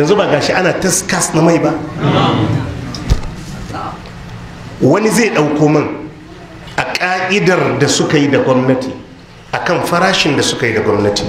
yanzu ba gashi ana taskas na mai ba wani zai ɗauko min a ƙa'idar da suka yi da gwamnati a kan farashin da suka yi da gwamnati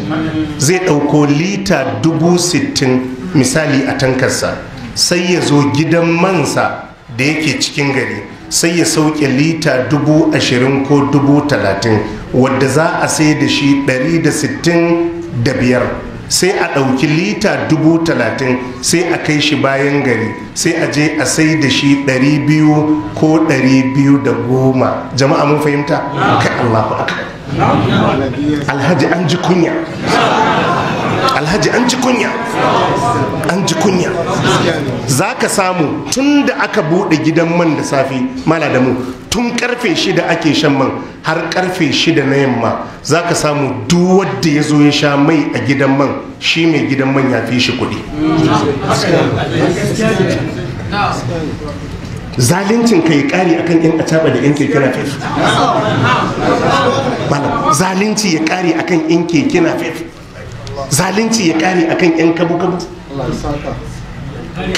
zai ɗauko lita dubu sittin misali a tankarsa sai ya zo gidan mansa da yake cikin gari sai ya sauke lita dubu ashirin ko dubu talatin wadda za a sai da shi ɗari da sittin da biyar sai a ɗauki lita dubu talatin sai a kai shi bayan gari sai a je a sai da shi ɗari biyu ko ɗari biyu da goma jama'a mun fahimta kai allahu akbar alhaji an ji kunya alhaji an ji kunya an ji kunya za ka samu tun da aka buɗe gidan man da safi mala da mu tun karfe shida ake shan man har karfe shida na yamma za ka samu duk wadda ya zo ya sha mai a gidan man shi mai gidan man ya fi shi kuɗi zalincin ka yi ƙari akan yan acaba da yan keke na fef ya ƙari akan yan keke na fef ya ƙari akan yan kabu-kabu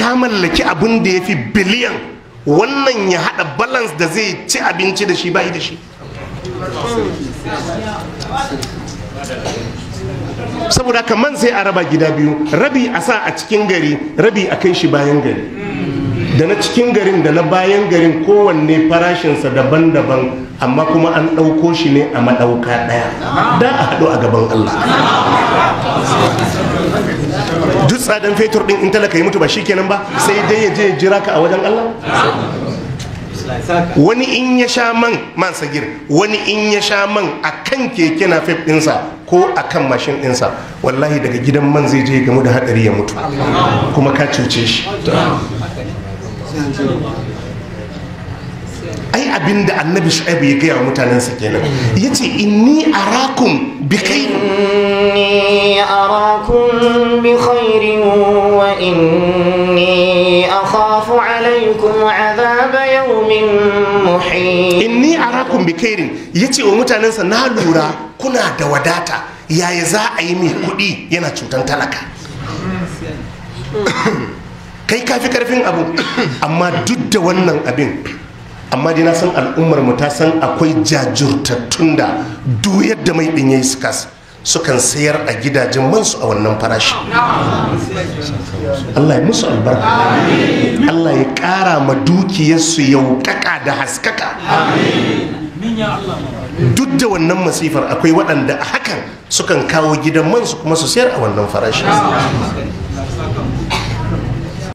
ka mallaki abin da ya fi biliyan wannan ya hada balance da zai ci abinci da shi bayi da shi saboda kamar sai a raba gida biyu rabi a sa a cikin gari rabi a kai shi bayan gari da na cikin garin da na bayan garin kowanne farashinsa daban-daban amma kuma an ɗauko shi ne a maɗauka ɗaya da a haɗu a gaban Allah tsadan fetur din in talaka ya mutu ba shi kenan ba sai dai ya je ya jira ka a wajen Allah wani in ya sha man man sagir wani in ya sha man akan keke na fef ɗinsa ko akan kan mashin ɗinsa wallahi daga gidan man zai je gamu da haɗari ya mutu kuma ka cuce shi ai abinda da annabi shu'aibu ya gaya wa mutanensa kenan yace inni arakum bi kai خير وإني أخاف عليكم عذاب يوم محيط إني أراكم بخير يتي da سنالورا كنا دوداتا يا يزا أيمي كدي ينا تشوتان تلكا kai ka fi karfin abu amma duk da wannan abin amma dai na san al'ummar mu ta san akwai jajurtattun da duk yadda mai ɗin yayi skas sukan sayar a gidajen mansu a wannan farashi Allah ya musu albarka Allah ya ƙara ma dukiyarsu yaukaka da haskaka duk da wannan masifar akwai waɗanda hakan sukan kawo gidan mansu kuma su sayar a wannan farashi